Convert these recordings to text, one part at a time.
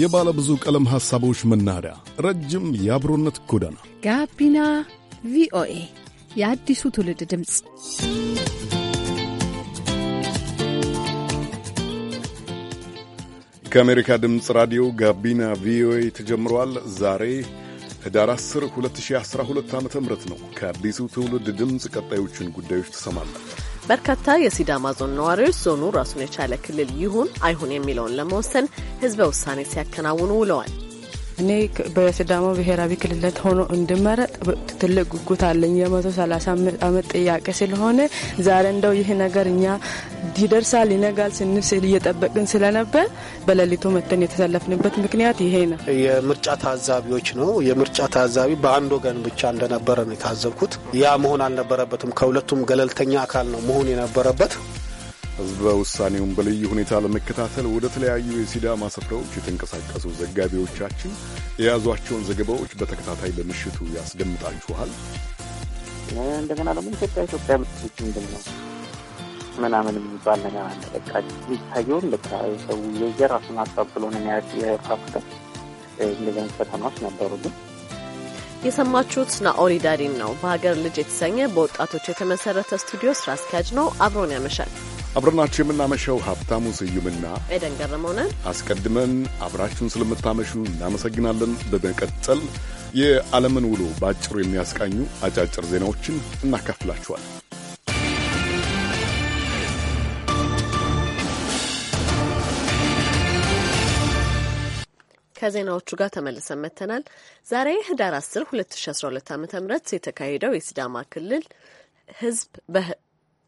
የባለ ብዙ ቀለም ሐሳቦች መናኸሪያ፣ ረጅም የአብሮነት ጎዳና ጋቢና ቪኦኤ የአዲሱ ትውልድ ድምፅ። ከአሜሪካ ድምፅ ራዲዮ ጋቢና ቪኦኤ ተጀምሯል ዛሬ ህዳር 10 2012 ዓ ም ነው። ከአዲሱ ትውልድ ድምፅ ቀጣዮቹን ጉዳዮች ትሰማላችሁ። በርካታ የሲዳማ ዞን ነዋሪዎች ዞኑ ራሱን የቻለ ክልል ይሁን አይሁን የሚለውን ለመወሰን ህዝበ ውሳኔ ሲያከናውኑ ውለዋል። እኔ በሲዳማ ብሔራዊ ክልለት ሆኖ እንድመረጥ ትልቅ ጉጉት አለኝ። የመቶ ሰላሳ አመት ጥያቄ ስለሆነ ዛሬ እንደው ይህ ነገር እኛ ይደርሳል ይነጋል ስንል እየጠበቅን ስለነበር በሌሊቱ መተን የተሰለፍንበት ምክንያት ይሄ ነው። የምርጫ ታዛቢዎች ነው። የምርጫ ታዛቢ በአንድ ወገን ብቻ እንደነበረ ነው የታዘብኩት። ያ መሆን አልነበረበትም። ከሁለቱም ገለልተኛ አካል ነው መሆን የነበረበት። ህዝበ ውሳኔውን በልዩ ሁኔታ ለመከታተል ወደ ተለያዩ የሲዳማ ስፍራዎች የተንቀሳቀሱ ዘጋቢዎቻችን የያዟቸውን ዘገባዎች በተከታታይ በምሽቱ ያስደምጣችኋል። እንደገና ደግሞ ኢትዮጵያ ኢትዮጵያ ምትች ምንድን ነው ምናምን የሚባል ነገር አለ። በቃ የሚታየውን በቃ ሰው የየራሱን ሀሳብ ብሎ ነው የሚያካፍለው። እንደዚህ አይነት ፈተናዎች ነበሩ ግን የሰማችሁት ናኦሪ ዳሪን ነው። በሀገር ልጅ የተሰኘ በወጣቶች የተመሰረተ ስቱዲዮ ስራ አስኪያጅ ነው። አብሮን ያመሻል። አብረናችሁ የምናመሸው ሀብታሙ ስዩምና ኤደን ገረመው አስቀድመን አብራችሁን ስለምታመሹ እናመሰግናለን። በመቀጠል የዓለምን ውሎ በአጭሩ የሚያስቃኙ አጫጭር ዜናዎችን እናካፍላችኋል። ከዜናዎቹ ጋር ተመልሰን መጥተናል። ዛሬ ህዳር 10 2012 ዓ ም የተካሄደው የሲዳማ ክልል ህዝብ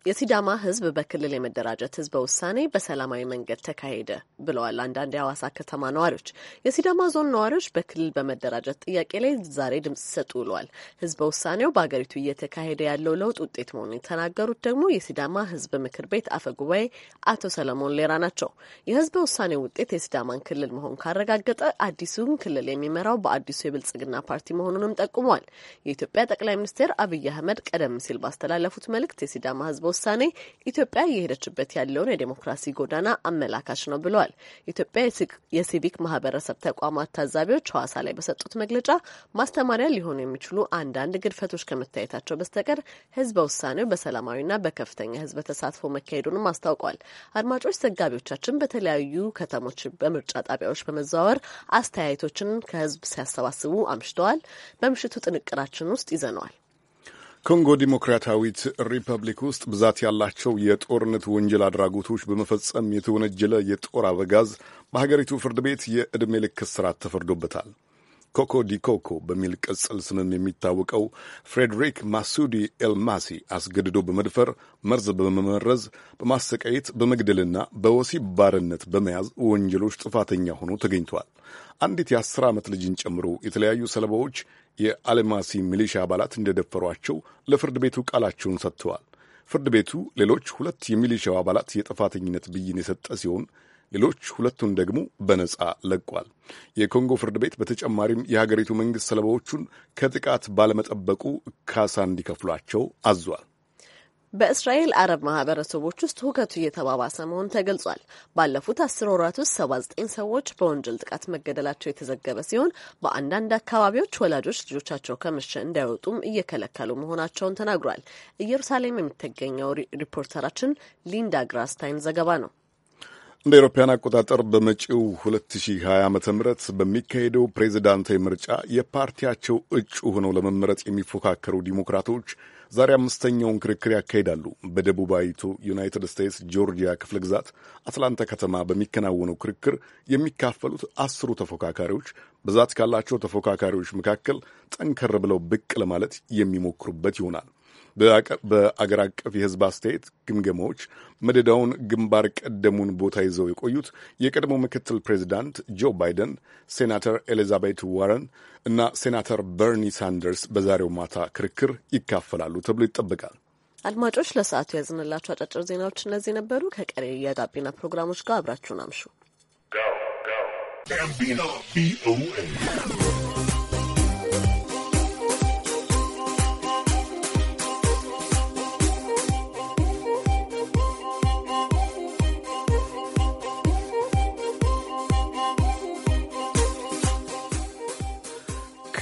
የሲዳማ ህዝብ በክልል የመደራጀት ህዝበ ውሳኔ በሰላማዊ መንገድ ተካሄደ ብለዋል አንዳንድ የሐዋሳ ከተማ ነዋሪዎች። የሲዳማ ዞን ነዋሪዎች በክልል በመደራጀት ጥያቄ ላይ ዛሬ ድምጽ ሲሰጡ ውለዋል። ህዝበ ውሳኔው በአገሪቱ እየተካሄደ ያለው ለውጥ ውጤት መሆኑን የተናገሩት ደግሞ የሲዳማ ህዝብ ምክር ቤት አፈ ጉባኤ አቶ ሰለሞን ሌራ ናቸው። የህዝበ ውሳኔው ውጤት የሲዳማን ክልል መሆን ካረጋገጠ አዲሱን ክልል የሚመራው በአዲሱ የብልጽግና ፓርቲ መሆኑንም ጠቁመዋል። የኢትዮጵያ ጠቅላይ ሚኒስትር አብይ አህመድ ቀደም ሲል ባስተላለፉት መልእክት የሲዳማ ህዝብ ውሳኔ ኢትዮጵያ እየሄደችበት ያለውን የዴሞክራሲ ጎዳና አመላካች ነው ብለዋል። ኢትዮጵያ የሲቪክ ማህበረሰብ ተቋማት ታዛቢዎች ሐዋሳ ላይ በሰጡት መግለጫ ማስተማሪያ ሊሆኑ የሚችሉ አንዳንድ ግድፈቶች ከመታየታቸው በስተቀር ህዝበ ውሳኔው በሰላማዊና በከፍተኛ ህዝብ ተሳትፎ መካሄዱንም አስታውቋል። አድማጮች፣ ዘጋቢዎቻችን በተለያዩ ከተሞች በምርጫ ጣቢያዎች በመዘዋወር አስተያየቶችን ከህዝብ ሲያሰባስቡ አምሽተዋል። በምሽቱ ጥንቅራችን ውስጥ ይዘነዋል። ኮንጎ ዲሞክራታዊት ሪፐብሊክ ውስጥ ብዛት ያላቸው የጦርነት ወንጀል አድራጎቶች በመፈጸም የተወነጀለ የጦር አበጋዝ በሀገሪቱ ፍርድ ቤት የዕድሜ ልክ እስራት ተፈርዶበታል። ኮኮ ዲኮኮ በሚል ቅጽል ስምም የሚታወቀው ፍሬድሪክ ማሱዲ ኤልማሲ አስገድዶ በመድፈር መርዝ በመመረዝ በማሰቃየት በመግደልና በወሲብ ባርነት በመያዝ ወንጀሎች ጥፋተኛ ሆኖ ተገኝቷል። አንዲት የአስር ዓመት ልጅን ጨምሮ የተለያዩ ሰለባዎች የአልማሲ ሚሊሻ አባላት እንደደፈሯቸው ለፍርድ ቤቱ ቃላቸውን ሰጥተዋል። ፍርድ ቤቱ ሌሎች ሁለት የሚሊሻው አባላት የጥፋተኝነት ብይን የሰጠ ሲሆን ሌሎች ሁለቱን ደግሞ በነጻ ለቋል። የኮንጎ ፍርድ ቤት በተጨማሪም የሀገሪቱ መንግሥት ሰለባዎቹን ከጥቃት ባለመጠበቁ ካሳ እንዲከፍሏቸው አዟል። በእስራኤል አረብ ማህበረሰቦች ውስጥ ሁከቱ እየተባባሰ መሆኑ ተገልጿል። ባለፉት አስር ወራት ውስጥ ሰባ ዘጠኝ ሰዎች በወንጀል ጥቃት መገደላቸው የተዘገበ ሲሆን በአንዳንድ አካባቢዎች ወላጆች ልጆቻቸው ከመሸ እንዳይወጡም እየከለከሉ መሆናቸውን ተናግሯል። ኢየሩሳሌም የምትገኘው ሪፖርተራችን ሊንዳ ግራስታይን ዘገባ ነው። እንደ አውሮፓውያን አቆጣጠር በመጪው 2020 ዓ ም በሚካሄደው ፕሬዚዳንታዊ ምርጫ የፓርቲያቸው እጩ ሆነው ለመመረጥ የሚፎካከሩ ዲሞክራቶች ዛሬ አምስተኛውን ክርክር ያካሂዳሉ። በደቡባዊቱ ዩናይትድ ስቴትስ ጆርጂያ ክፍለ ግዛት አትላንታ ከተማ በሚከናወነው ክርክር የሚካፈሉት አስሩ ተፎካካሪዎች ብዛት ካላቸው ተፎካካሪዎች መካከል ጠንከር ብለው ብቅ ለማለት የሚሞክሩበት ይሆናል። በአገር አቀፍ የህዝብ አስተያየት ግምገማዎች መደዳውን ግንባር ቀደሙን ቦታ ይዘው የቆዩት የቀድሞ ምክትል ፕሬዚዳንት ጆ ባይደን፣ ሴናተር ኤሊዛቤት ዋረን እና ሴናተር በርኒ ሳንደርስ በዛሬው ማታ ክርክር ይካፈላሉ ተብሎ ይጠበቃል። አድማጮች፣ ለሰዓቱ ያዝንላቸው አጫጭር ዜናዎች እነዚህ ነበሩ። ከቀሪ የጋቢና ፕሮግራሞች ጋር አብራችሁን አምሹ።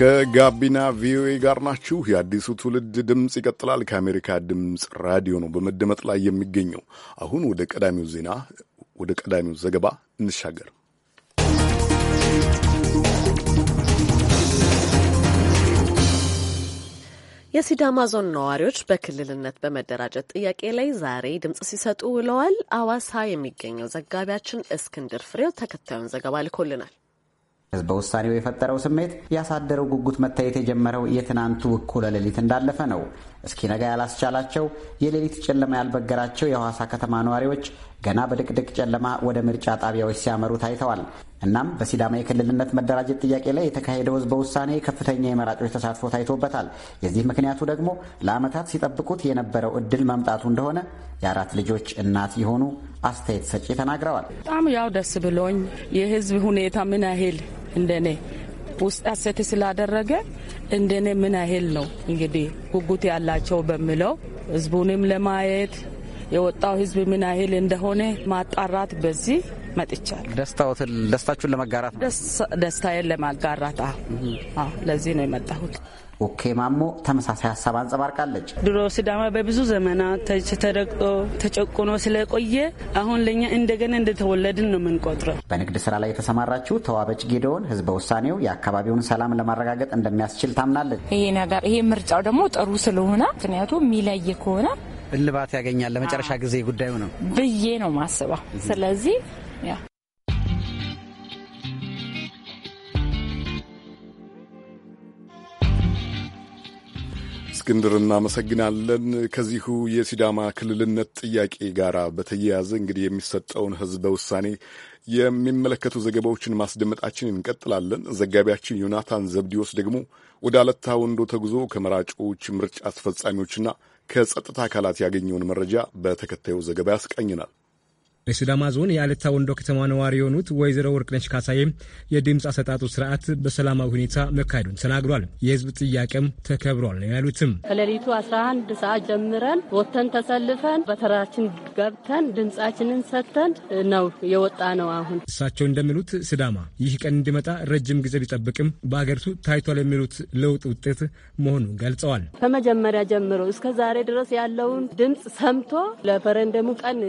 ከጋቢና ቪኦኤ ጋር ናችሁ። የአዲሱ ትውልድ ድምፅ ይቀጥላል። ከአሜሪካ ድምፅ ራዲዮ ነው በመደመጥ ላይ የሚገኘው። አሁን ወደ ቀዳሚው ዜና ወደ ቀዳሚው ዘገባ እንሻገር። የሲዳማ ዞን ነዋሪዎች በክልልነት በመደራጀት ጥያቄ ላይ ዛሬ ድምጽ ሲሰጡ ውለዋል። አዋሳ የሚገኘው ዘጋቢያችን እስክንድር ፍሬው ተከታዩን ዘገባ ልኮልናል። ህዝበ ውሳኔው የፈጠረው ስሜት ያሳደረው ጉጉት መታየት የጀመረው የትናንቱ እኩለ ሌሊት እንዳለፈ ነው። እስኪነጋ ያላስቻላቸው የሌሊት ጨለማ ያልበገራቸው የሐዋሳ ከተማ ነዋሪዎች ገና በድቅድቅ ጨለማ ወደ ምርጫ ጣቢያዎች ሲያመሩ ታይተዋል። እናም በሲዳማ የክልልነት መደራጀት ጥያቄ ላይ የተካሄደው ህዝበ ውሳኔ ከፍተኛ የመራጮች ተሳትፎ ታይቶበታል። የዚህ ምክንያቱ ደግሞ ለዓመታት ሲጠብቁት የነበረው እድል መምጣቱ እንደሆነ የአራት ልጆች እናት የሆኑ አስተያየት ሰጪ ተናግረዋል። በጣም ያው ደስ ብሎኝ የህዝብ ሁኔታ ምን ያህል እንደኔ ውስጥ አሰት ስላደረገ እንደኔ ምን ያህል ነው እንግዲህ ጉጉት ያላቸው በሚለው ህዝቡንም ለማየት የወጣው ህዝብ ምን ያህል እንደሆነ ማጣራት በዚህ መጥቻለሁ። ደስታዎትን ደስታችሁን ለመጋራት ነው? ደስታዬን ለማጋራት ለዚህ ነው የመጣሁት። ኦኬ ማሞ ተመሳሳይ ሀሳብ አንጸባርቃለች። ድሮ ሲዳማ በብዙ ዘመናት ተደቅጦ ተጨቁኖ ስለቆየ አሁን ለእኛ እንደገና እንደተወለድን ነው የምንቆጥረው። በንግድ ስራ ላይ የተሰማራችው ተዋበች ጌደውን ህዝበ ውሳኔው የአካባቢውን ሰላም ለማረጋገጥ እንደሚያስችል ታምናለች። ይሄ ነገር ይሄ ምርጫው ደግሞ ጥሩ ስለሆነ ምክንያቱ የሚለይ ከሆነ እልባት ያገኛል። ለመጨረሻ ጊዜ ጉዳዩ ነው ብዬ ነው ማስበው። ስለዚህ Ja. እስክንድር እናመሰግናለን። ከዚሁ የሲዳማ ክልልነት ጥያቄ ጋር በተያያዘ እንግዲህ የሚሰጠውን ህዝብ ውሳኔ የሚመለከቱ ዘገባዎችን ማስደመጣችን እንቀጥላለን። ዘጋቢያችን ዮናታን ዘብዲዎስ ደግሞ ወደ አለታ ወንዶ ተጉዞ ከመራጮች ምርጫ አስፈጻሚዎችና ከጸጥታ አካላት ያገኘውን መረጃ በተከታዩ ዘገባ ያስቃኝናል። በሲዳማ ዞን የአለታ ወንዶ ከተማ ነዋሪ የሆኑት ወይዘሮ ወርቅነች ካሳዬ የድምፅ አሰጣጡ ስርዓት በሰላማዊ ሁኔታ መካሄዱን ተናግሯል። የህዝብ ጥያቄም ተከብሯል ነው ያሉትም። ከሌሊቱ 11 ሰዓት ጀምረን ወጥተን ተሰልፈን በተራችን ገብተን ድምፃችንን ሰጥተን ነው የወጣ ነው። አሁን እሳቸው እንደሚሉት ሲዳማ ይህ ቀን እንዲመጣ ረጅም ጊዜ ቢጠብቅም በሀገሪቱ ታይቷል የሚሉት ለውጥ ውጤት መሆኑን ገልጸዋል። ከመጀመሪያ ጀምሮ እስከ ዛሬ ድረስ ያለውን ድምፅ ሰምቶ ለፈረንደሙ ቀን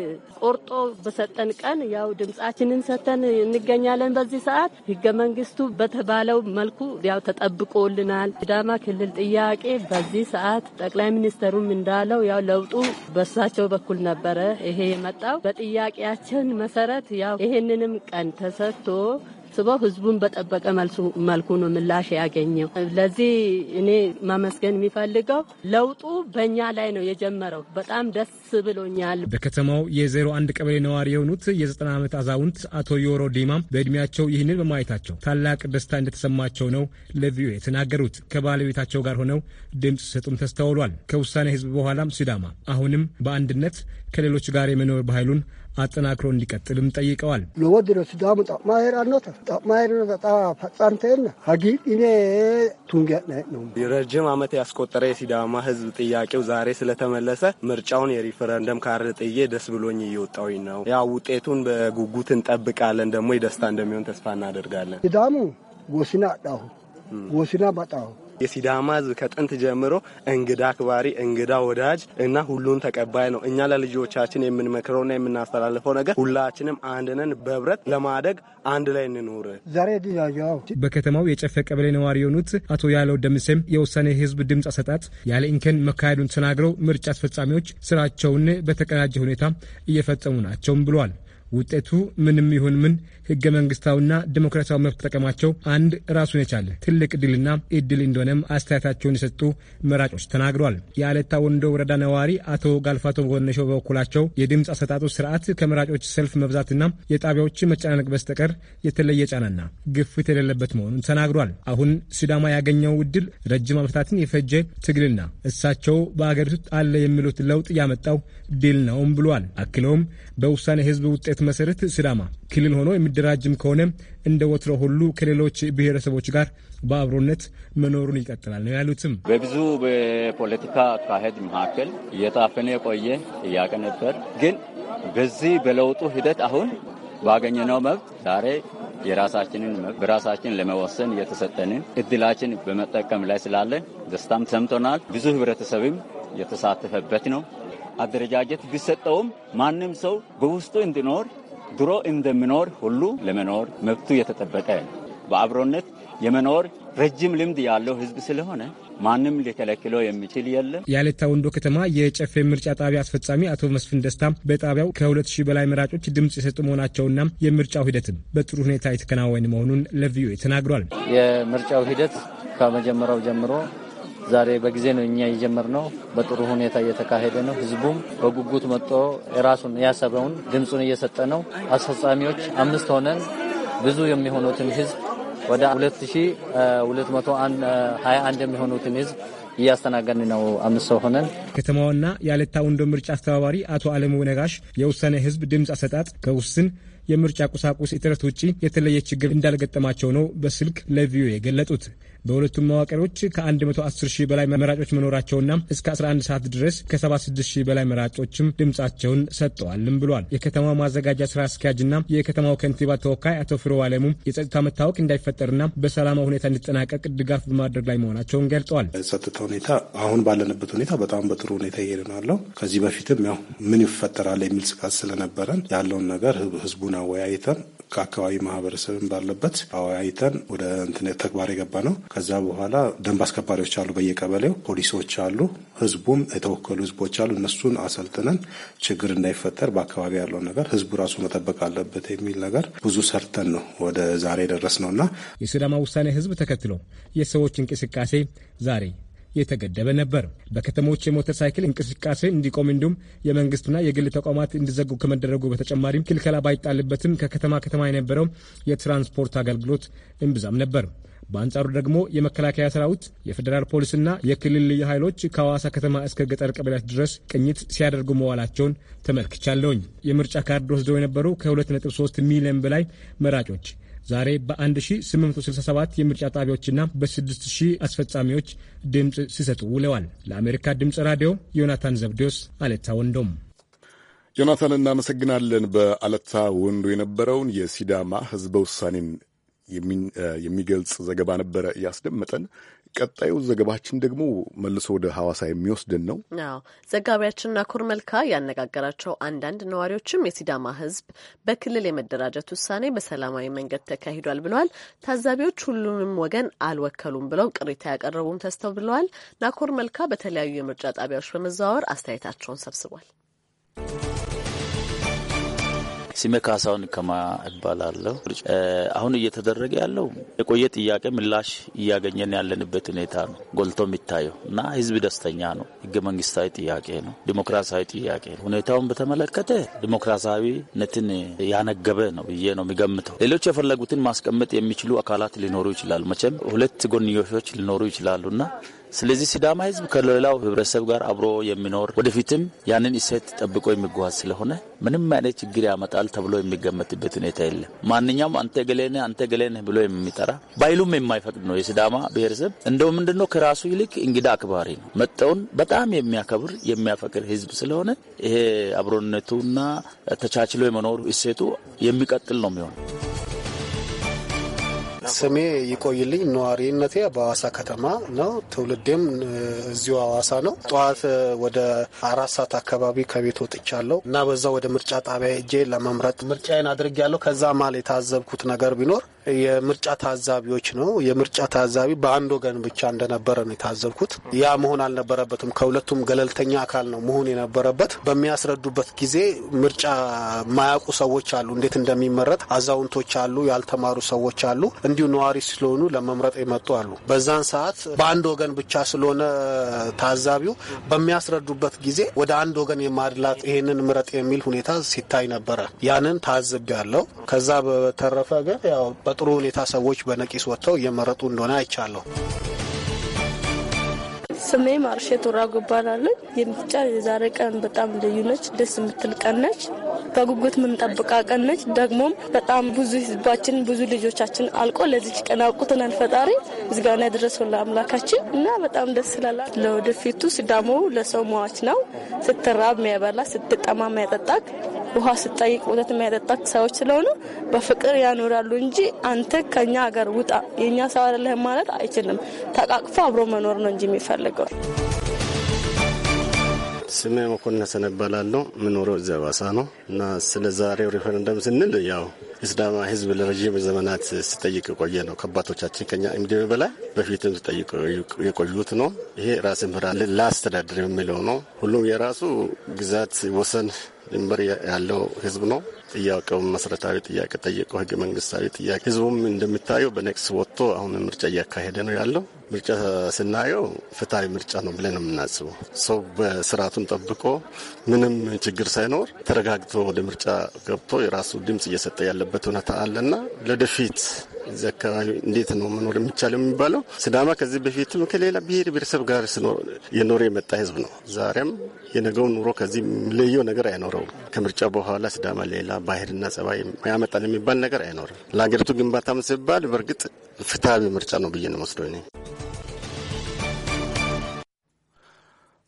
ቆርጦ በሰጠን ቀን ያው ድምጻችንን ሰተን እንገኛለን። በዚህ ሰዓት ህገ መንግስቱ በተባለው መልኩ ያው ተጠብቆልናል። ሲዳማ ክልል ጥያቄ በዚህ ሰዓት ጠቅላይ ሚኒስተሩም እንዳለው ያው ለውጡ በሳቸው በኩል ነበረ ይሄ የመጣው በጥያቄያችን መሰረት ያው ይሄንንም ቀን ተሰጥቶ ሳስበው ህዝቡን በጠበቀ መልኩ ነው ምላሽ ያገኘው። ለዚህ እኔ ማመስገን የሚፈልገው ለውጡ በእኛ ላይ ነው የጀመረው። በጣም ደስ ብሎኛል። በከተማው የዜሮ አንድ ቀበሌ ነዋሪ የሆኑት የዘጠና ዓመት አዛውንት አቶ ዮሮ ዲማ በእድሜያቸው ይህንን በማየታቸው ታላቅ ደስታ እንደተሰማቸው ነው ለቪኦኤ የተናገሩት። ከባለቤታቸው ጋር ሆነው ድምፅ ሰጡም ተስተውሏል። ከውሳኔ ህዝብ በኋላም ሲዳማ አሁንም በአንድነት ከሌሎች ጋር የመኖር ባህሉን አጠናክሮ እንዲቀጥልም ጠይቀዋል። ሲዳሙ ጣ ሀጊ ኢኔ ረጅም ዓመት ያስቆጠረ የሲዳማ ህዝብ ጥያቄው ዛሬ ስለተመለሰ ምርጫውን የሪፈረንደም ካርድ ጥዬ ደስ ብሎኝ እየወጣሁኝ ነው። ያ ውጤቱን በጉጉት እንጠብቃለን። ደግሞ የደስታ እንደሚሆን ተስፋ እናደርጋለን። ሲዳሙ ወሲና ዳሁ ወሲና ባጣሁ የሲዳማ ሕዝብ ከጥንት ጀምሮ እንግዳ አክባሪ፣ እንግዳ ወዳጅ እና ሁሉን ተቀባይ ነው። እኛ ለልጆቻችን የምንመክረውና የምናስተላልፈው ነገር ሁላችንም አንድነን በብረት በህብረት ለማደግ አንድ ላይ እንኖር። በከተማው የጨፌ ቀበሌ ነዋሪ የሆኑት አቶ ያለው ደምሴም የውሳኔ ህዝብ ድምፅ አሰጣጥ ያለ እንከን መካሄዱን ተናግረው ምርጫ አስፈጻሚዎች ስራቸውን በተቀናጀ ሁኔታ እየፈጸሙ ናቸውም ብሏል። ውጤቱ ምንም ይሁን ምን ህገ መንግስታዊና ዲሞክራሲያዊ መብት ተጠቀማቸው አንድ ራሱን የቻለ ትልቅ ድልና እድል እንደሆነም አስተያየታቸውን የሰጡ መራጮች ተናግረዋል። የአለታ ወንዶ ወረዳ ነዋሪ አቶ ጋልፋቶ ጎነሾ በበኩላቸው የድምፅ አሰጣጡ ስርዓት ከመራጮች ሰልፍ መብዛትና የጣቢያዎች መጨናነቅ በስተቀር የተለየ ጫናና ግፍት የሌለበት መሆኑን ተናግሯል። አሁን ሲዳማ ያገኘው እድል ረጅም ዓመታትን የፈጀ ትግልና እሳቸው በአገሪቱ አለ የሚሉት ለውጥ ያመጣው ድል ነውም ብሏል። አክለውም በውሳኔ ህዝብ ውጤት ስምምነት መሰረት ሲዳማ ክልል ሆኖ የሚደራጅም ከሆነ እንደ ወትሮ ሁሉ ከሌሎች ብሔረሰቦች ጋር በአብሮነት መኖሩን ይቀጥላል ነው ያሉትም። በብዙ በፖለቲካ አካሄድ መካከል እየታፈነ የቆየ ጥያቄ ነበር። ግን በዚህ በለውጡ ሂደት አሁን ባገኘነው መብት ዛሬ የራሳችንን በራሳችን ለመወሰን እየተሰጠንን እድላችን በመጠቀም ላይ ስላለን ደስታም ሰምቶናል። ብዙ ህብረተሰብም የተሳተፈበት ነው። አደረጃጀት ቢሰጠውም ማንም ሰው በውስጡ እንዲኖር ድሮ እንደሚኖር ሁሉ ለመኖር መብቱ የተጠበቀ በአብሮነት የመኖር ረጅም ልምድ ያለው ህዝብ ስለሆነ ማንም ሊከለክለው የሚችል የለም። የአለታ ወንዶ ከተማ የጨፌ ምርጫ ጣቢያ አስፈጻሚ አቶ መስፍን ደስታ በጣቢያው ከሁለት ሺህ በላይ መራጮች ድምፅ የሰጡ መሆናቸውና የምርጫው ሂደትም በጥሩ ሁኔታ የተከናወነ መሆኑን ለቪኦኤ ተናግሯል። የምርጫው ሂደት ከመጀመሪያው ጀምሮ ዛሬ በጊዜ ነው እኛ የጀመርነው። በጥሩ ሁኔታ እየተካሄደ ነው። ህዝቡም በጉጉት መጥቶ የራሱን ያሰበውን ድምፁን እየሰጠ ነው። አስፈጻሚዎች አምስት ሆነን ብዙ የሚሆኑትን ህዝብ ወደ 2221 የሚሆኑትን ህዝብ እያስተናገድን ነው። አምስት ሰው ሆነን ከተማዋና የአለታ ወንዶ ምርጫ አስተባባሪ አቶ አለሙ ነጋሽ የውሳኔ ህዝብ ድምፅ አሰጣጥ ከውስን የምርጫ ቁሳቁስ እጥረት ውጪ የተለየ ችግር እንዳልገጠማቸው ነው በስልክ ለቪኦኤ የገለጡት። በሁለቱም መዋቅሮች ከ110 ሺህ በላይ መራጮች መኖራቸውና እስከ 11 ሰዓት ድረስ ከ76 ሺህ በላይ መራጮችም ድምጻቸውን ሰጥተዋልም ብሏል። የከተማው ማዘጋጃ ስራ አስኪያጅና የከተማው ከንቲባ ተወካይ አቶ ፍሮ አለሙ የጸጥታ መታወቅ እንዳይፈጠርና በሰላማዊ ሁኔታ እንዲጠናቀቅ ድጋፍ በማድረግ ላይ መሆናቸውን ገልጠዋል። ጸጥታ ሁኔታ አሁን ባለንበት ሁኔታ በጣም በጥሩ ሁኔታ እየሄደ ነው ያለው። ከዚህ በፊትም ያው ምን ይፈጠራል የሚል ስጋት ስለነበረን ያለውን ነገር ህዝቡን አወያይተን ከአካባቢ ማህበረሰብን ባለበት አወያይተን ወደ እንትን ተግባር የገባ ነው። ከዛ በኋላ ደንብ አስከባሪዎች አሉ፣ በየቀበሌው ፖሊሶች አሉ፣ ህዝቡም የተወከሉ ህዝቦች አሉ። እነሱን አሰልጥነን ችግር እንዳይፈጠር በአካባቢ ያለው ነገር ህዝቡ ራሱ መጠበቅ አለበት የሚል ነገር ብዙ ሰርተን ነው ወደ ዛሬ ደረስ ነውና የሲዳማ ውሳኔ ህዝብ ተከትሎ የሰዎች እንቅስቃሴ ዛሬ የተገደበ ነበር። በከተሞች የሞተር ሳይክል እንቅስቃሴ እንዲቆም እንዲሁም የመንግስትና የግል ተቋማት እንዲዘጉ ከመደረጉ በተጨማሪም ክልከላ ባይጣልበትም ከከተማ ከተማ የነበረው የትራንስፖርት አገልግሎት እምብዛም ነበር። በአንጻሩ ደግሞ የመከላከያ ሰራዊት፣ የፌዴራል ፖሊስና የክልል ልዩ ኃይሎች ከሐዋሳ ከተማ እስከ ገጠር ቀበሌያት ድረስ ቅኝት ሲያደርጉ መዋላቸውን ተመልክቻለሁኝ። የምርጫ ካርድ ወስደው የነበሩ ከ2.3 ሚሊዮን በላይ መራጮች ዛሬ በ1867 የምርጫ ጣቢያዎችና በ6000 አስፈጻሚዎች ድምፅ ሲሰጡ ውለዋል። ለአሜሪካ ድምፅ ራዲዮ ዮናታን ዘብዴዎስ አለታ ወንዶም። ዮናታን እናመሰግናለን። በአለታ ወንዶ የነበረውን የሲዳማ ህዝበ ውሳኔን የሚገልጽ ዘገባ ነበረ ያስደመጠን። ቀጣዩ ዘገባችን ደግሞ መልሶ ወደ ሐዋሳ የሚወስድን ነው። አዎ ዘጋቢያችን ናኮር መልካ ያነጋገራቸው አንዳንድ ነዋሪዎችም የሲዳማ ሕዝብ በክልል የመደራጀት ውሳኔ በሰላማዊ መንገድ ተካሂዷል ብለዋል። ታዛቢዎች ሁሉንም ወገን አልወከሉም ብለው ቅሬታ ያቀረቡም ተስተው ብለዋል። ናኮር መልካ በተለያዩ የምርጫ ጣቢያዎች በመዘዋወር አስተያየታቸውን ሰብስቧል። ስሜ ካሳሁን ከማ እባላለሁ። አሁን እየተደረገ ያለው የቆየ ጥያቄ ምላሽ እያገኘን ያለንበት ሁኔታ ነው ጎልቶ የሚታየው እና ህዝብ ደስተኛ ነው። ህገ መንግስታዊ ጥያቄ ነው፣ ዲሞክራሲያዊ ጥያቄ ነው። ሁኔታውን በተመለከተ ዲሞክራሲያዊነትን ያነገበ ነው ብዬ ነው የሚገምተው። ሌሎች የፈለጉትን ማስቀመጥ የሚችሉ አካላት ሊኖሩ ይችላሉ። መቼም ሁለት ጎንዮሾች ሊኖሩ ይችላሉ እና። ስለዚህ ሲዳማ ህዝብ ከሌላው ህብረተሰብ ጋር አብሮ የሚኖር ወደፊትም ያንን እሴት ጠብቆ የሚጓዝ ስለሆነ ምንም አይነት ችግር ያመጣል ተብሎ የሚገመትበት ሁኔታ የለም። ማንኛውም አንተ ገሌነ አንተ ገሌነ ብሎ የሚጠራ ባይሉም የማይፈቅድ ነው። የሲዳማ ብሔረሰብ እንደው ምንድነው ከራሱ ይልቅ እንግዳ አክባሪ ነው። መጠውን በጣም የሚያከብር የሚያፈቅር ህዝብ ስለሆነ ይሄ አብሮነቱና ተቻችሎ የመኖሩ እሴቱ የሚቀጥል ነው የሚሆነው። ስሜ ይቆይልኝ። ነዋሪነቴ በአዋሳ ከተማ ነው። ትውልዴም እዚሁ አዋሳ ነው። ጠዋት ወደ አራት ሰዓት አካባቢ ከቤት ወጥቻለሁ እና በዛ ወደ ምርጫ ጣቢያ እጄ ለመምረጥ ምርጫዬን አድርጌያለሁ። ከዛ ማል የታዘብኩት ነገር ቢኖር የምርጫ ታዛቢዎች ነው። የምርጫ ታዛቢ በአንድ ወገን ብቻ እንደነበረ ነው የታዘብኩት። ያ መሆን አልነበረበትም። ከሁለቱም ገለልተኛ አካል ነው መሆን የነበረበት። በሚያስረዱበት ጊዜ ምርጫ ማያውቁ ሰዎች አሉ፣ እንዴት እንደሚመረጥ አዛውንቶች አሉ፣ ያልተማሩ ሰዎች አሉ፣ እንዲሁ ነዋሪ ስለሆኑ ለመምረጥ የመጡ አሉ። በዛን ሰዓት በአንድ ወገን ብቻ ስለሆነ ታዛቢው በሚያስረዱበት ጊዜ ወደ አንድ ወገን የማድላት ይህንን ምረጥ የሚል ሁኔታ ሲታይ ነበረ። ያንን ታዝብ ያለው ከዛ በተረፈ ግን ያው በጥሩ ሁኔታ ሰዎች በነቂስ ወጥተው እየመረጡ እንደሆነ አይቻለሁ። ስሜ ማርሼ ቶራ ጎባላለሁ። የምርጫ የዛሬ ቀን በጣም ልዩ ነች። ደስ የምትል ቀን ነች። በጉጉት የምንጠብቃ ቀን ነች። ደግሞም በጣም ብዙ ህዝባችን ብዙ ልጆቻችን አልቆ ለዚች ቀን አውቁትናል። ፈጣሪ ምስጋና ያደረሰው ለአምላካችን እና በጣም ደስ ይላል። ለወደፊቱ ሲዳሞ ለሰው መዋች ነው። ስትራብ የሚያበላ ስትጠማ የሚያጠጣቅ ውሃ ስጠይቅ ወተት የሚያጠጣቅ ሰዎች ስለሆኑ በፍቅር ያኖራሉ እንጂ አንተ ከኛ ሀገር ውጣ የእኛ ሰው አይደለህም ማለት አይችልም። ተቃቅፎ አብሮ መኖር ነው እንጂ የሚፈልገው ነበር። ስሜ መኮንን ሰነባላለሁ። የምኖረው እዚያ ባሳ ነው እና ስለ ዛሬው ሪፈረንደም ስንል ያው እስላማ ሕዝብ ለረዥም ዘመናት ሲጠይቅ የቆየ ነው። ከአባቶቻችን ከኛ እድሜ በላይ በፊትም ሲጠይቅ የቆዩት ነው። ይሄ ራስን በራ ላስተዳድር የሚለው ነው። ሁሉም የራሱ ግዛት ወሰን ድንበር ያለው ህዝብ ነው። ጥያቄው መሰረታዊ ጥያቄ ጠየቀው፣ ህገ መንግስታዊ ጥያቄ። ህዝቡም እንደሚታየው በነቅስ ወጥቶ አሁን ምርጫ እያካሄደ ነው ያለው። ምርጫ ስናየው ፍትሐዊ ምርጫ ነው ብለን የምናስበው። ሰው በስርዓቱን ጠብቆ ምንም ችግር ሳይኖር ተረጋግቶ ወደ ምርጫ ገብቶ የራሱ ድምፅ እየሰጠ ያለበት ሁኔታ አለና ለወደፊት እዚህ አካባቢ እንዴት ነው መኖር የሚቻለው የሚባለው ስዳማ ከዚህ በፊትም ከሌላ ብሔር ብሔረሰብ ጋር የኖረ የመጣ ህዝብ ነው። ዛሬም የነገው ኑሮ ከዚህ የሚለየው ነገር አይኖረውም። ከምርጫ በኋላ ስዳማ ሌላ ባህርና ጸባይ ያመጣል የሚባል ነገር አይኖርም። ለሀገሪቱ ግንባታም ሲባል በእርግጥ ፍትሐዊ ምርጫ ነው ብዬ ነው ወስዶ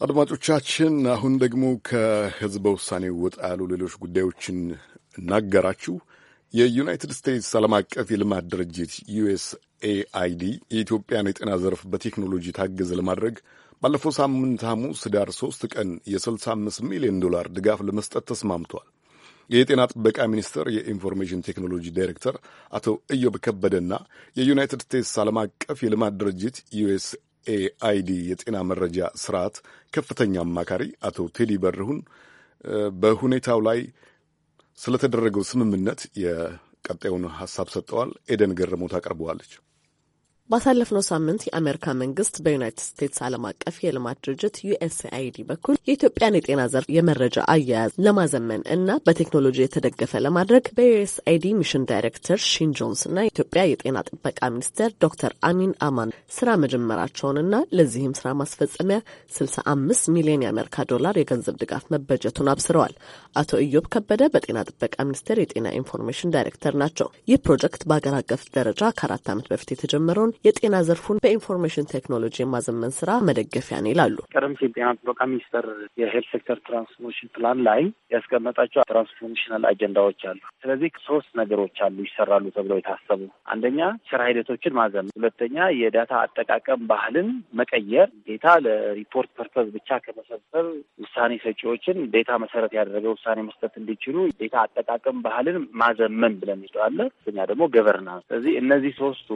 አድማጮቻችን፣ አሁን ደግሞ ከህዝበ ውሳኔ ወጣ ያሉ ሌሎች ጉዳዮችን እናገራችሁ። የዩናይትድ ስቴትስ ዓለም አቀፍ የልማት ድርጅት ዩኤስኤአይዲ የኢትዮጵያን የጤና ዘርፍ በቴክኖሎጂ ታገዘ ለማድረግ ባለፈው ሳምንት ሐሙስ ዳር 3 ቀን የ65 ሚሊዮን ዶላር ድጋፍ ለመስጠት ተስማምቷል። የጤና ጥበቃ ሚኒስቴር የኢንፎርሜሽን ቴክኖሎጂ ዳይሬክተር አቶ እዮብ ከበደና የዩናይትድ ስቴትስ ዓለም አቀፍ የልማት ድርጅት ዩኤስ ኤአይዲ የጤና መረጃ ስርዓት ከፍተኛ አማካሪ አቶ ቴዲ በርሁን በሁኔታው ላይ ስለተደረገው ስምምነት የቀጣዩን ሀሳብ ሰጥተዋል። ኤደን ገረሞት አቀርበዋለች። ባሳለፍነው ሳምንት የአሜሪካ መንግስት በዩናይትድ ስቴትስ ዓለም አቀፍ የልማት ድርጅት ዩኤስአይዲ በኩል የኢትዮጵያን የጤና ዘርፍ የመረጃ አያያዝ ለማዘመን እና በቴክኖሎጂ የተደገፈ ለማድረግ በዩኤስአይዲ ሚሽን ዳይሬክተር ሺን ጆንስ እና የኢትዮጵያ የጤና ጥበቃ ሚኒስቴር ዶክተር አሚን አማን ስራ መጀመራቸውንና ለዚህም ስራ ማስፈጸሚያ 65 ሚሊዮን የአሜሪካ ዶላር የገንዘብ ድጋፍ መበጀቱን አብስረዋል። አቶ ኢዮብ ከበደ በጤና ጥበቃ ሚኒስቴር የጤና ኢንፎርሜሽን ዳይሬክተር ናቸው። ይህ ፕሮጀክት በአገር አቀፍ ደረጃ ከአራት ዓመት በፊት የተጀመረውን የጤና ዘርፉን በኢንፎርሜሽን ቴክኖሎጂ የማዘመን ስራ መደገፊያ ነው ይላሉ። ቀደም ሲል ጤና ጥበቃ ሚኒስቴር የሄልት ሴክተር ትራንስፎርሜሽን ፕላን ላይ ያስቀመጣቸው ትራንስፎርሜሽናል አጀንዳዎች አሉ። ስለዚህ ሶስት ነገሮች አሉ ይሰራሉ ተብለው የታሰቡ አንደኛ ስራ ሂደቶችን ማዘመን፣ ሁለተኛ የዳታ አጠቃቀም ባህልን መቀየር፣ ዴታ ለሪፖርት ፐርፐዝ ብቻ ከመሰብሰብ ውሳኔ ሰጪዎችን ዴታ መሰረት ያደረገ ውሳኔ መስጠት እንዲችሉ ዴታ አጠቃቀም ባህልን ማዘመን ብለን ይለዋለ። እኛ ደግሞ ገቨርናንስ። ስለዚህ እነዚህ ሶስቱ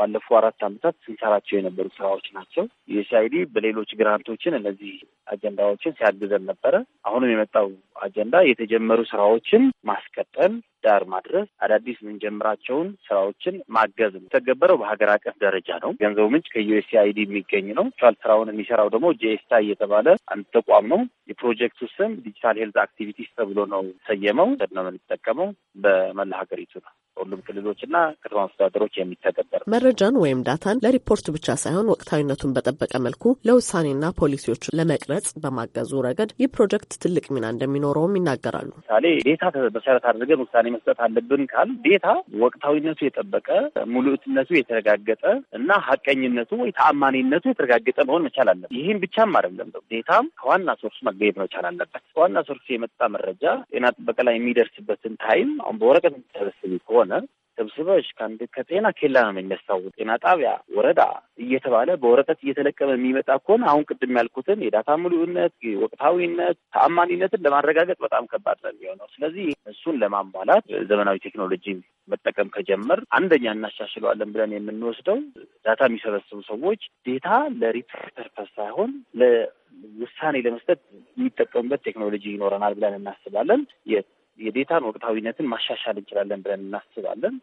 ባለፉ አራት ዓመታት ስንሰራቸው የነበሩ ስራዎች ናቸው። የሲአይዲ በሌሎች ግራንቶችን እነዚህ አጀንዳዎችን ሲያግዘን ነበረ። አሁንም የመጣው አጀንዳ የተጀመሩ ስራዎችን ማስቀጠል፣ ዳር ማድረስ፣ አዳዲስ የምንጀምራቸውን ስራዎችን ማገዝ ነው። የተገበረው በሀገር አቀፍ ደረጃ ነው። ገንዘቡ ምንጭ ከዩኤስኤአይዲ የሚገኝ ነው። ቻል ስራውን የሚሰራው ደግሞ ጂኤስታ እየተባለ አንድ ተቋም ነው። የፕሮጀክቱ ስም ዲጂታል ሄልዝ አክቲቪቲስ ተብሎ ነው ሰየመው ነው የምንጠቀመው በመላ ሀገሪቱ ነው። ሁሉም ክልሎችና ከተማ አስተዳደሮች የሚተገበር መረጃን ወይም ዳታን ለሪፖርት ብቻ ሳይሆን ወቅታዊነቱን በጠበቀ መልኩ ለውሳኔና ፖሊሲዎች ለመቅረጽ በማገዙ ረገድ ይህ ፕሮጀክት ትልቅ ሚና እንደሚኖረውም ይናገራሉ። ምሳሌ ዴታ መሰረት አድርገን ውሳኔ መስጠት አለብን ካል ዴታ ወቅታዊነቱ የጠበቀ ሙሉእትነቱ የተረጋገጠ እና ሀቀኝነቱ ወይ ተአማኒነቱ የተረጋገጠ መሆን መቻል አለበት። ይህን ብቻም አይደለም፣ ዴታም ከዋና ሶርስ መገኘት መቻል አለበት። ከዋና ሶርስ የመጣ መረጃ ጤና ጥበቃ ላይ የሚደርስበትን ታይም አሁን በወረቀት የሚሰበስብ ከሆነ ስለሆነ ሰብስበሽ ከአንድ ከጤና ኬላ ነው የሚያስታውቅ ጤና ጣቢያ፣ ወረዳ እየተባለ በወረቀት እየተለቀመ የሚመጣ ከሆነ አሁን ቅድም ያልኩትን የዳታ ሙሉነት፣ ወቅታዊነት፣ ተአማኒነትን ለማረጋገጥ በጣም ከባድ ነው የሚሆነው። ስለዚህ እሱን ለማሟላት ዘመናዊ ቴክኖሎጂ መጠቀም ከጀመር አንደኛ እናሻሽለዋለን ብለን የምንወስደው ዳታ የሚሰበስቡ ሰዎች ዴታ ለሪሰርች ፐርፐስ ሳይሆን ለውሳኔ ለመስጠት የሚጠቀሙበት ቴክኖሎጂ ይኖረናል ብለን እናስባለን። የት የዴታን ወቅታዊነትን ማሻሻል እንችላለን ብለን እናስባለን።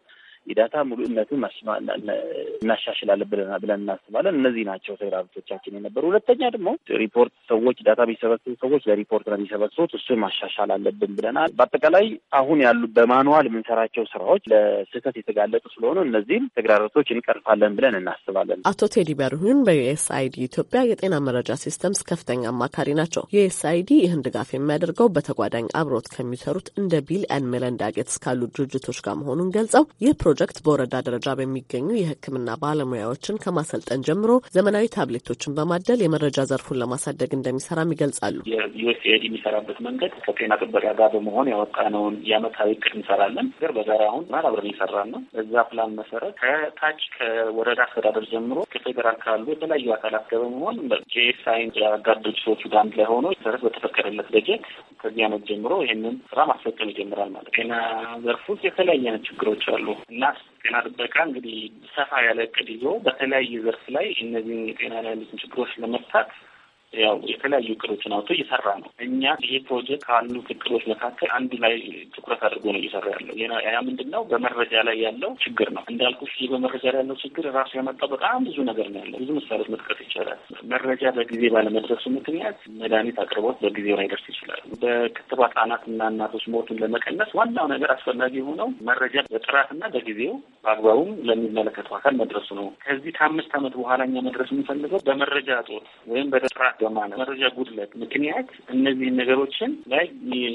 የዳታ ሙሉእነትን እናሻሽላለን ብለና ብለን እናስባለን። እነዚህ ናቸው ተግዳሮቶቻችን የነበሩ። ሁለተኛ ደግሞ ሪፖርት ሰዎች ዳታ የሚሰበስቡ ሰዎች ለሪፖርት ነው የሚሰበስቡት። እሱን ማሻሻል አለብን ብለናል። በአጠቃላይ አሁን ያሉ በማኑዋል የምንሰራቸው ስራዎች ለስህተት የተጋለጡ ስለሆኑ እነዚህም ተግዳሮቶች እንቀርፋለን ብለን እናስባለን። አቶ ቴዲ በርሁን በዩኤስአይዲ ኢትዮጵያ የጤና መረጃ ሲስተምስ ከፍተኛ አማካሪ ናቸው። ዩኤስአይዲ ይህን ድጋፍ የሚያደርገው በተጓዳኝ አብሮት ከሚሰሩት እንደ ቢል ኤንድ ሜለንዳ ጌትስ ካሉ ድርጅቶች ጋር መሆኑን ገልጸው ይህ ፕሮጀክት በወረዳ ደረጃ በሚገኙ የሕክምና ባለሙያዎችን ከማሰልጠን ጀምሮ ዘመናዊ ታብሌቶችን በማደል የመረጃ ዘርፉን ለማሳደግ እንደሚሰራም ይገልጻሉ። የዩኤስኤድ የሚሰራበት መንገድ ከጤና ጥበቃ ጋር በመሆን ያወጣነውን የአመታዊ እቅድ እንሰራለን። ነገር በጋራ አሁን ና አብረን ይሰራል ነው። በዛ ፕላን መሰረት ከታች ከወረዳ አስተዳደር ጀምሮ ከፌዴራል ካሉ የተለያዩ አካላት ጋር በመሆን ጄሳይን የአጋር ድርጅቶቹ ጋር አንድ ላይ ሆኖ መሰረት በተፈቀደለት በጀት ከዚህ አመት ጀምሮ ይህንን ስራ ማስፈጸም ይጀምራል ማለት ጤና ዘርፉ ውስጥ የተለያየ አይነት ችግሮች አሉ። እና ጤና ጥበቃ እንግዲህ ሰፋ ያለ እቅድ ይዞ በተለያየ ዘርፍ ላይ እነዚህን የጤና ላይ ያሉትን ችግሮች ለመፍታት ያው የተለያዩ እቅዶችን አውጥቶ እየሰራ ነው። እኛ ይሄ ፕሮጀክት ካሉ እቅዶች መካከል አንዱ ላይ ትኩረት አድርጎ ነው እየሰራ ያለው። ያ ምንድን ነው? በመረጃ ላይ ያለው ችግር ነው እንዳልኩሽ። ይህ በመረጃ ላይ ያለው ችግር ራሱ ያመጣው በጣም ብዙ ነገር ነው ያለው። ብዙ ምሳሌዎች መጥቀስ ይቻላል። መረጃ በጊዜ ባለመድረሱ ምክንያት መድኃኒት አቅርቦት በጊዜው ላይደርስ ይችላል። በክትባት ህጻናትና እናቶች ሞቱን ለመቀነስ ዋናው ነገር አስፈላጊ የሆነው መረጃ በጥራትና በጊዜው በአግባቡም ለሚመለከተው አካል መድረሱ ነው። ከዚህ ከአምስት ዓመት በኋላ እኛ መድረስ የምንፈልገው በመረጃ ጦት ወይም በጥራት በማለት መረጃ ጉድለት ምክንያት እነዚህ ነገሮችን ላይ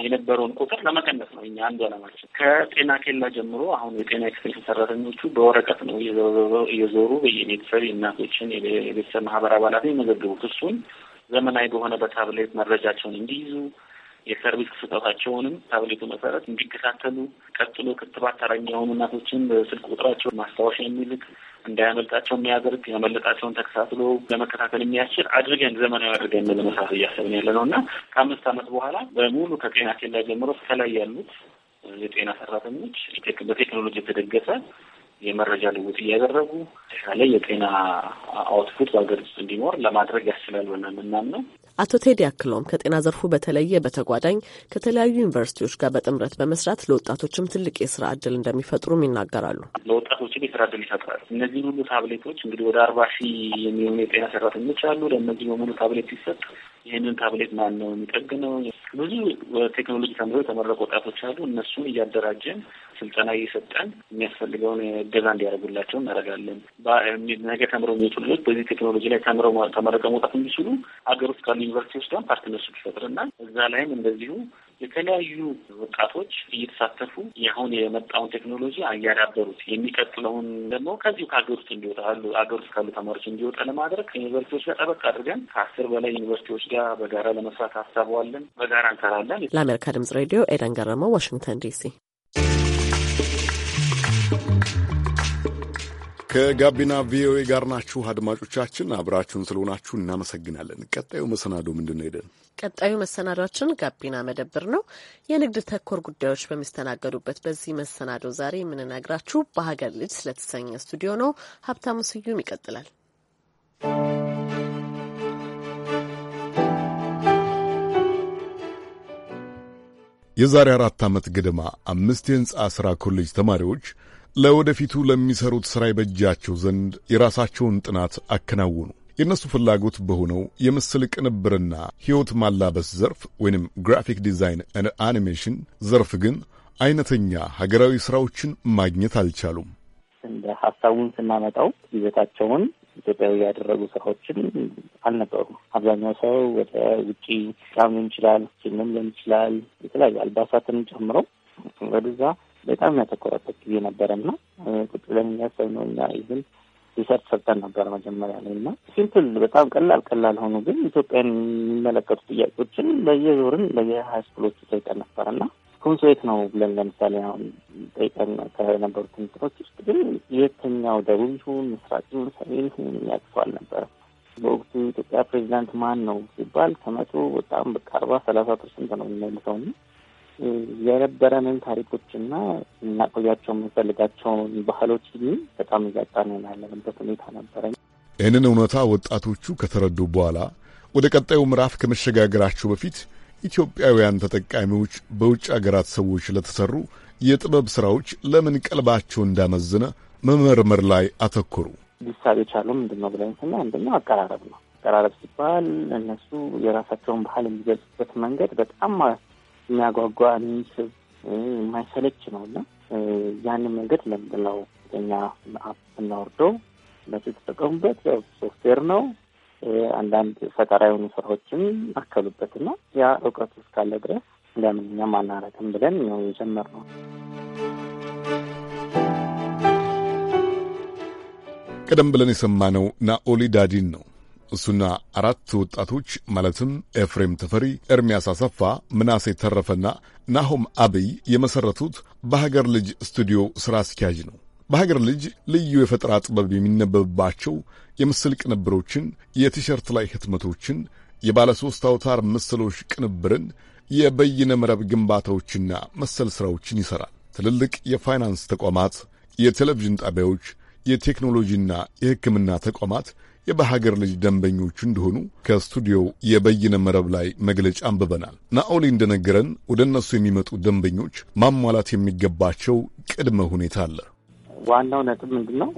የነበረውን ቁጥር ለመቀነስ ነው እኛ አንዱ አላማችን። ከጤና ኬላ ጀምሮ አሁን የጤና ኤክስቴንሽን ሰራተኞቹ በወረቀት ነው እየዞሩ በየቤተሰብ የእናቶችን የቤተሰብ ማህበር አባላት የመዘግቡት እሱን ዘመናዊ በሆነ በታብሌት መረጃቸውን እንዲይዙ የሰርቪስ ክፍተታቸውንም ታብሌቱ መሰረት እንዲከታተሉ ቀጥሎ ክትባት ተረኛ የሆኑ እናቶችን በስልክ ቁጥራቸው ማስታወሻ የሚልክ እንዳያመልጣቸው የሚያደርግ ያመለጣቸውን ተከታትሎ ለመከታተል የሚያስችል አድርገን ዘመናዊ አድርገን ለመስራት እያሰብን ያለ ነው እና ከአምስት ዓመት በኋላ በሙሉ ከጤና ኬላ ጀምሮ እስከላይ ያሉት የጤና ሰራተኞች በቴክኖሎጂ የተደገፈ የመረጃ ልውጥ እያደረጉ ተሻለ የጤና አውትፑት በሀገር ውስጥ እንዲኖር ለማድረግ ያስችላል ብለን የምናምነው። አቶ ቴዲ አክለውም ከጤና ዘርፉ በተለየ በተጓዳኝ ከተለያዩ ዩኒቨርሲቲዎች ጋር በጥምረት በመስራት ለወጣቶችም ትልቅ የስራ እድል እንደሚፈጥሩም ይናገራሉ። ለወጣቶችም የስራ እድል ይፈጥራል። እነዚህን ሁሉ ታብሌቶች እንግዲህ ወደ አርባ ሺህ የሚሆኑ የጤና ሰራተኞች አሉ። ለእነዚህ በሙሉ ታብሌት ሲሰጥ ይህንን ታብሌት ማን ነው የሚጠግነው? ብዙ ቴክኖሎጂ ተምረው የተመረቁ ወጣቶች አሉ። እነሱን እያደራጀን ስልጠና እየሰጠን የሚያስፈልገውን እገዛ እንዲያደርጉላቸው እናደርጋለን። ነገ ተምረው የሚወጡ ልጆች በዚህ ቴክኖሎጂ ላይ ተምረው ተመረቀው መውጣት እንዲችሉ ሀገር ውስጥ ካሉ ዩኒቨርሲቲዎች ጋር ፓርትነርሽፕ ፈጥረና እዛ ላይም እንደዚሁ የተለያዩ ወጣቶች እየተሳተፉ የአሁን የመጣውን ቴክኖሎጂ እያዳበሩት የሚቀጥለውን ደግሞ ከዚሁ ከሀገር ውስጥ እንዲወጣ ሀገር ውስጥ ካሉ ተማሪዎች እንዲወጣ ለማድረግ ከዩኒቨርሲቲዎች ጋር ጠበቅ አድርገን ከአስር በላይ ዩኒቨርሲቲዎች ጋር በጋራ ለመስራት ሀሳብ በጋራ እንሰራለን። ለአሜሪካ ድምጽ ሬዲዮ ኤደን ገረመው፣ ዋሽንግተን ዲሲ ከጋቢና ቪኦኤ ጋር ናችሁ አድማጮቻችን። አብራችሁን ስለሆናችሁ እናመሰግናለን። ቀጣዩ መሰናዶ ምንድን ነው? ሄደን ቀጣዩ መሰናዷችን ጋቢና መደብር ነው። የንግድ ተኮር ጉዳዮች በሚስተናገዱበት በዚህ መሰናዶ ዛሬ የምንነግራችሁ በሀገር ልጅ ስለተሰኘ ስቱዲዮ ነው። ሀብታሙ ስዩም ይቀጥላል። የዛሬ አራት ዓመት ገደማ አምስት የሕንፃ ሥራ ኮሌጅ ተማሪዎች ለወደፊቱ ለሚሰሩት ሥራ ይበጃቸው ዘንድ የራሳቸውን ጥናት አከናውኑ። የእነሱ ፍላጎት በሆነው የምስል ቅንብርና ሕይወት ማላበስ ዘርፍ ወይንም ግራፊክ ዲዛይን አኒሜሽን ዘርፍ ግን አይነተኛ ሀገራዊ ስራዎችን ማግኘት አልቻሉም። እንደ ሀሳቡን ስናመጣው ይዘታቸውን ኢትዮጵያዊ ያደረጉ ስራዎችን አልነበሩም። አብዛኛው ሰው ወደ ውጪ ጫም ሊሆን ይችላል፣ ፊልምም ሊሆን ይችላል፣ የተለያዩ አልባሳትን ጨምረው ወደዛ በጣም ያተኮረበት ጊዜ ነበረ እና ቁጭ ብለን እያሰብነው እና ሪሰርች ሰርተን ነበር መጀመሪያ ላይ እና ሲምፕል በጣም ቀላል ቀላል ሆኑ፣ ግን ኢትዮጵያን የሚመለከቱ ጥያቄዎችን በየዞርን በየሃይስኩሎቹ ጠይቀን ነበር እና ኮንሶ የት ነው ብለን ለምሳሌ አሁን ጠይቀን ከነበሩት ምስሮች ውስጥ ግን የትኛው ደቡብ ይሁን ምስራቅ ይሁን ሰሜን ይሁን የሚያቅፈው አልነበረም። በወቅቱ ኢትዮጵያ ፕሬዚዳንት ማን ነው ሲባል ከመቶ በጣም በቃ አርባ ሰላሳ ፐርሰንት ነው የሚመልሰው እና የነበረንን ታሪኮችና እናቆያቸው የምንፈልጋቸውን ባህሎች በጣም እያጣነን ያለንበት ሁኔታ ነበረ። ይህንን እውነታ ወጣቶቹ ከተረዱ በኋላ ወደ ቀጣዩ ምዕራፍ ከመሸጋገራቸው በፊት ኢትዮጵያውያን ተጠቃሚዎች በውጭ አገራት ሰዎች ለተሰሩ የጥበብ ስራዎች ለምን ቀልባቸው እንዳመዝነ መመርመር ላይ አተኮሩ። ሊሳብ የቻሉ ምንድን ነው ብለን ስና አንደኛው አቀራረብ ነው። አቀራረብ ሲባል እነሱ የራሳቸውን ባህል የሚገልጹበት መንገድ በጣም የሚያጓጓ የሚስብ የማይሰለች ነው እና ያንን መንገድ ለምንድን ነው እኛ አፕ እናወርደው እነሱ ተጠቀሙበት። ሶፍትዌር ነው። አንዳንድ ፈጠራ የሆኑ ስራዎችን አከሉበት እና ያ እውቀቱ እስካለ ድረስ ለምን እኛም አናረግም ብለን ነው የጀመርነው። ቀደም ብለን የሰማነው ናኦሊ ዳዲን ነው። እሱና አራት ወጣቶች ማለትም ኤፍሬም ተፈሪ፣ ኤርሚያስ አሰፋ፣ ምናሴ ተረፈና ናሆም አብይ የመሠረቱት በሀገር ልጅ ስቱዲዮ ሥራ አስኪያጅ ነው። በሀገር ልጅ ልዩ የፈጠራ ጥበብ የሚነበብባቸው የምስል ቅንብሮችን፣ የቲሸርት ላይ ህትመቶችን፣ የባለ ሦስት አውታር ምስሎች ቅንብርን፣ የበይነ መረብ ግንባታዎችና መሰል ሥራዎችን ይሠራል። ትልልቅ የፋይናንስ ተቋማት፣ የቴሌቪዥን ጣቢያዎች የቴክኖሎጂና የሕክምና ተቋማት የበሀገር ልጅ ደንበኞች እንደሆኑ ከስቱዲዮው የበይነ መረብ ላይ መግለጫ አንብበናል። ናኦሊ እንደነገረን ወደ እነሱ የሚመጡ ደንበኞች ማሟላት የሚገባቸው ቅድመ ሁኔታ አለ። ዋናው ነጥብ ምንድን ነው?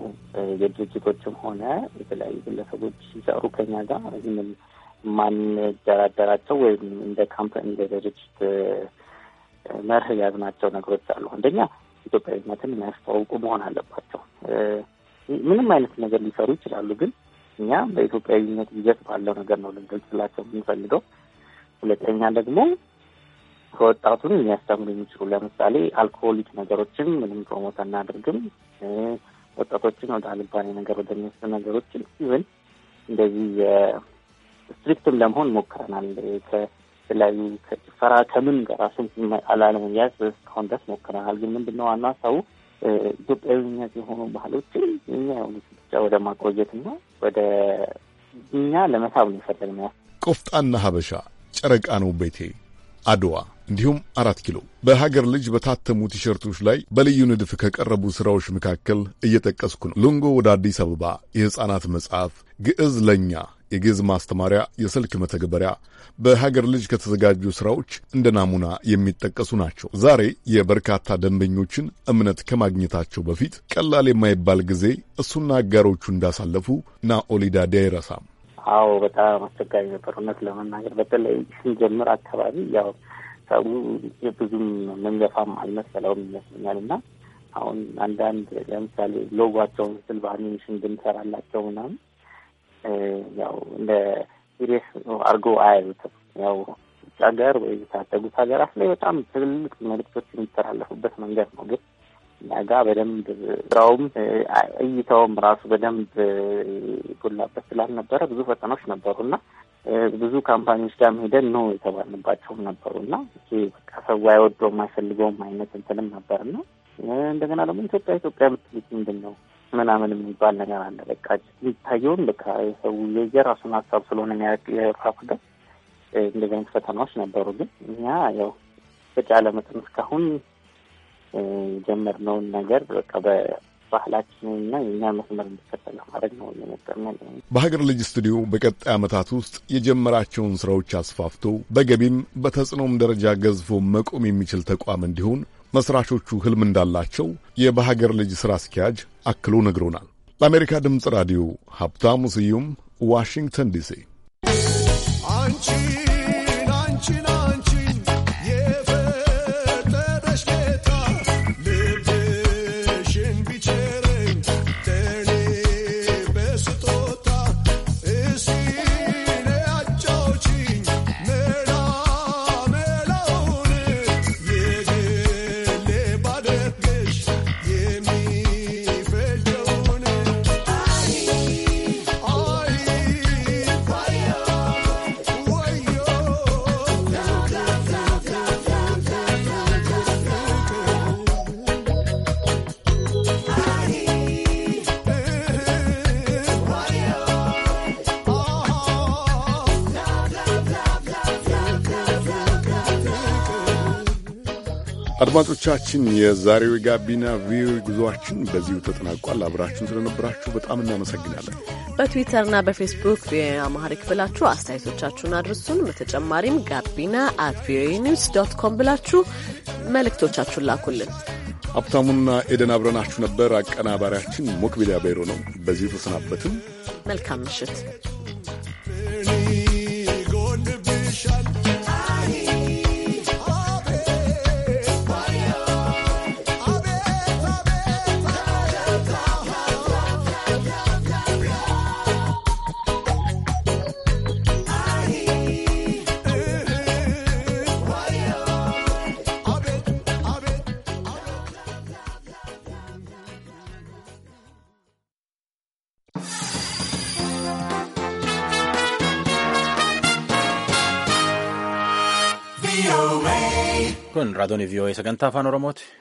የድርጅቶችም ሆነ የተለያዩ ግለሰቦች ሲሰሩ ከኛ ጋር ይህንን ማንደራደራቸው ወይም እንደ ካምፓኒ እንደ ድርጅት መርህ ያዝናቸው ነገሮች አሉ። አንደኛ ኢትዮጵያዊነትን የሚያስተዋውቁ መሆን አለባቸው። ምንም አይነት ነገር ሊሰሩ ይችላሉ። ግን እኛ በኢትዮጵያዊነት ይዘት ባለው ነገር ነው ልንገልጽላቸው የምንፈልገው። ሁለተኛ ደግሞ ከወጣቱን የሚያስተምሩ የሚችሉ ለምሳሌ አልኮሆሊክ ነገሮችን ምንም ፕሮሞት አናደርግም። ወጣቶችን ወደ አልባሌ ነገር ወደሚወስዱ ነገሮችን ኢቨን እንደዚህ ስትሪክትም ለመሆን ሞክረናል። ከተለያዩ ከጭፈራ ከምን ጋር ራሱን አላለመያዝ እስካሁን ድረስ ሞክረናል። ግን ምንድነው ዋና ሀሳቡ ኢትዮጵያዊነት የሆኑ ባህሎችን እኛ የሆኑ ብቻ ወደ ማቆየትና ወደ እኛ ለመሳብ ነው የፈለግነው። ቆፍጣና ሀበሻ፣ ጨረቃ ነው ቤቴ፣ አድዋ እንዲሁም አራት ኪሎ በሀገር ልጅ በታተሙ ቲሸርቶች ላይ በልዩ ንድፍ ከቀረቡ ስራዎች መካከል እየጠቀስኩ ነው። ሎንጎ ወደ አዲስ አበባ፣ የሕፃናት መጽሐፍ፣ ግዕዝ ለእኛ የግዕዝ ማስተማሪያ የስልክ መተግበሪያ በሀገር ልጅ ከተዘጋጁ ስራዎች እንደ ናሙና የሚጠቀሱ ናቸው። ዛሬ የበርካታ ደንበኞችን እምነት ከማግኘታቸው በፊት ቀላል የማይባል ጊዜ እሱና አጋሮቹ እንዳሳለፉ ናኦሊዳ ዳይረሳም። አዎ በጣም አስቸጋሪ ነበር። እውነት ለመናገር በተለይ ስንጀምር አካባቢ ያው ሰው ብዙም መንገፋም አልመሰለውም ይመስለኛል እና አሁን አንዳንድ ለምሳሌ ሎጓቸውን ስልባኒሽን ብንሰራላቸው ምናምን ያው እንደ ሲሪየስ አድርጎ አያዩትም። ያው ውጭ ሀገር ወይ የታደጉት ሀገራት ላይ በጣም ትልልቅ መልክቶች የሚተላለፉበት መንገድ ነው። ግን እኛ ጋር በደንብ ስራውም እይታውም ራሱ በደንብ ጎላበት ስላልነበረ ብዙ ፈተናዎች ነበሩና ብዙ ካምፓኒዎች ጋር ሄደን ነው የተባልንባቸውም ነበሩና በቃ ሰው አይወደውም አይፈልገውም አይነት እንትንም ነበርና እንደገና ደግሞ ኢትዮጵያ ኢትዮጵያ የምትሉት ምንድን ነው ምናምን የሚባል ነገር አለ። በቃ የሚታየውን በቃ የሰው የየራሱን ሀሳብ ስለሆነ የፋፍገው እንደዚህ አይነት ፈተናዎች ነበሩ። ግን እኛ ያው በተቻለ መጠን እስካሁን የጀመርነውን ነገር በቃ ባህላችንና መስመር ማድረግ ነው በሀገር ልጅ ስቱዲዮ በቀጣይ ዓመታት ውስጥ የጀመራቸውን ስራዎች አስፋፍቶ በገቢም በተጽዕኖም ደረጃ ገዝፎ መቆም የሚችል ተቋም እንዲሆን መስራቾቹ ህልም እንዳላቸው የበሀገር ልጅ ሥራ አስኪያጅ አክሎ ነግሮናል። ለአሜሪካ ድምፅ ራዲዮ ሀብታሙ ስዩም ዋሽንግተን ዲሲ አድማጮቻችን የዛሬው የጋቢና ቪኦኤ ጉዞአችን በዚሁ ተጠናቋል። አብራችሁን ስለነበራችሁ በጣም እናመሰግናለን። በትዊተርና በፌስቡክ ቪኦኤ አማሪክ ብላችሁ አስተያየቶቻችሁን አድርሱን። በተጨማሪም ጋቢና አት ቪኦኤ ኒውስ ዶት ኮም ብላችሁ መልእክቶቻችሁን ላኩልን። ሀብታሙና ኤደን አብረናችሁ ነበር። አቀናባሪያችን ሞክቢሊያ ቤሮ ነው። በዚሁ ተሰናበትም። መልካም ምሽት። Raadiyoon e yoo cantavam gantaa afaan Oromooti.